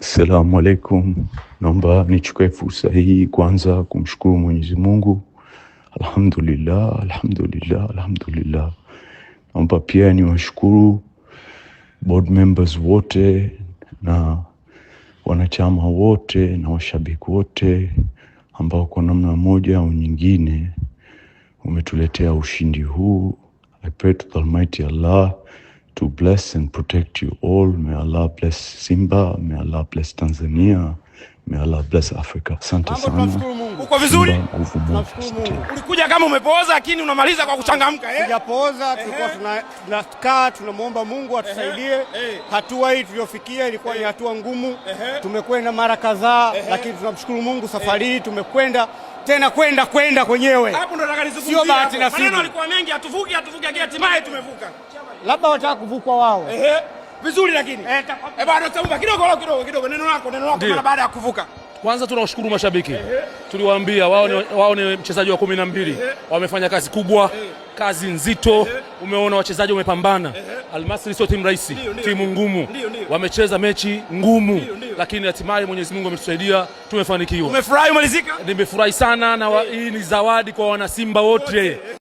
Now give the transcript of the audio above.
Assalamu alaikum, naomba nichukue fursa hii kwanza kumshukuru Mwenyezi Mungu, alhamdulillah, alhamdulillah, alhamdulillah. Naomba pia niwashukuru board members wote na wanachama wote na washabiki wote ambao kwa namna moja au nyingine umetuletea ushindi huu. I pray to the Almighty Allah to bless and protect you all. May Allah bless Simba, may Allah bless Tanzania, may Allah bless Africa. Asante sana. Uko vizuri? Ulikuja kama umepooza lakini unamaliza kwa kuchangamka eh? Sijapooza, tulikuwa tunakaa tunamwomba Mungu atusaidie. Hatua hii tuliyofikia ilikuwa ni hatua ngumu. Tumekwenda mara kadhaa, lakini tunamshukuru Mungu safari hii tumekwenda tena kwenda kwenda kwenyewe. Hapo ndo nataka nizungumzie. Sio bahati nasibu. Maneno yalikuwa mengi, hatuvuki hatuvuki, hatimaye tumevuka. Labda wataka kuvukwa wao. Ehe. Vizuri lakini. Eh, eh bado tutavuka kidogo kidogo kidogo. Neno lako neno lako mara baada ya kuvuka. Kwanza tunawashukuru mashabiki, tuliwaambia wao ni, wao ni mchezaji wa kumi na mbili. Wamefanya kazi kubwa, kazi nzito. Umeona wachezaji wamepambana. Almasri sio timu rahisi, timu ngumu. Wamecheza mechi ngumu lakini hatimaye Mwenyezi Mungu ametusaidia tumefanikiwa. Umefurahi umalizika? Nimefurahi sana na eh. hii ni zawadi kwa wanasimba wote.